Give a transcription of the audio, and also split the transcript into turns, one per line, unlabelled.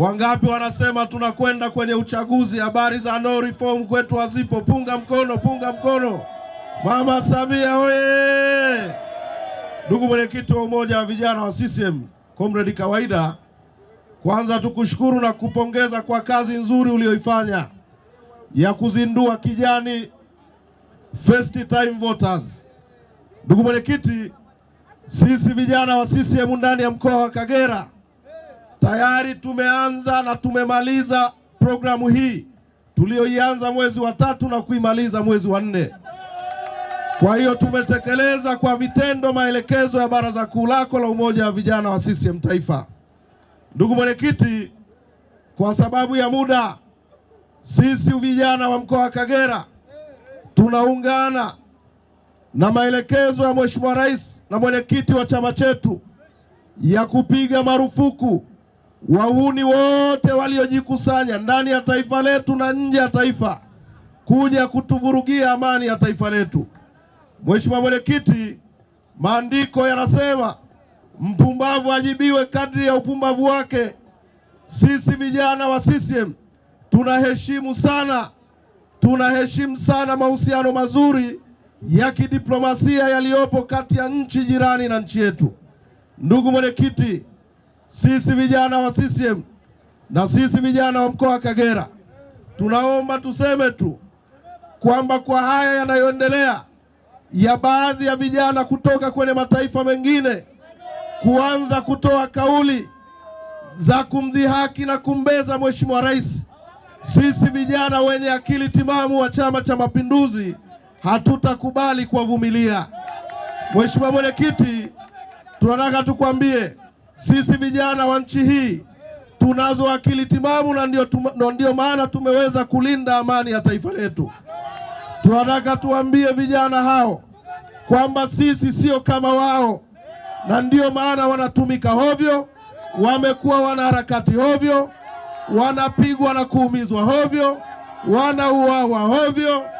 Wangapi wanasema tunakwenda kwenye uchaguzi? Habari za no reform kwetu hazipo. Punga mkono, punga mkono. Mama Samia oye! Ndugu mwenyekiti wa umoja wa vijana wa CCM Comrade Kawaida, kwanza tukushukuru na kupongeza kwa kazi nzuri uliyoifanya ya kuzindua kijani first time voters. Ndugu mwenyekiti, sisi vijana wa CCM ndani ya mkoa wa Kagera Tayari tumeanza na tumemaliza programu hii tuliyoianza mwezi wa tatu na kuimaliza mwezi wa nne. Kwa hiyo tumetekeleza kwa vitendo maelekezo ya Baraza Kuu lako la Umoja wa Vijana wa CCM Taifa. Ndugu mwenyekiti, kwa sababu ya muda, sisi vijana wa mkoa wa Kagera tunaungana na maelekezo ya Mheshimiwa Rais na mwenyekiti wa chama chetu ya kupiga marufuku wahuni wote waliojikusanya ndani ya taifa letu na nje ya taifa kuja kutuvurugia amani ya taifa letu. Mheshimiwa Mwenyekiti, maandiko yanasema mpumbavu ajibiwe kadri ya upumbavu wake. Sisi vijana wa CCM tunaheshimu sana, tunaheshimu sana mahusiano mazuri ya kidiplomasia yaliyopo kati ya nchi jirani na nchi yetu. Ndugu mwenyekiti sisi vijana wa CCM na sisi vijana wa mkoa wa Kagera tunaomba tuseme tu kwamba kwa haya yanayoendelea ya baadhi ya vijana kutoka kwenye mataifa mengine kuanza kutoa kauli za kumdhihaki na kumbeza Mheshimiwa Rais, sisi vijana wenye akili timamu wa Chama cha Mapinduzi hatutakubali kuwavumilia. Mheshimiwa Mwenyekiti, tunataka tukwambie sisi vijana wa nchi hii tunazo akili timamu na ndio, tuma, ndio maana tumeweza kulinda amani ya taifa letu. Tunataka tuambie vijana hao kwamba sisi sio kama wao, na ndio maana wanatumika hovyo, wamekuwa wanaharakati hovyo, wanapigwa na kuumizwa hovyo, wanauawa hovyo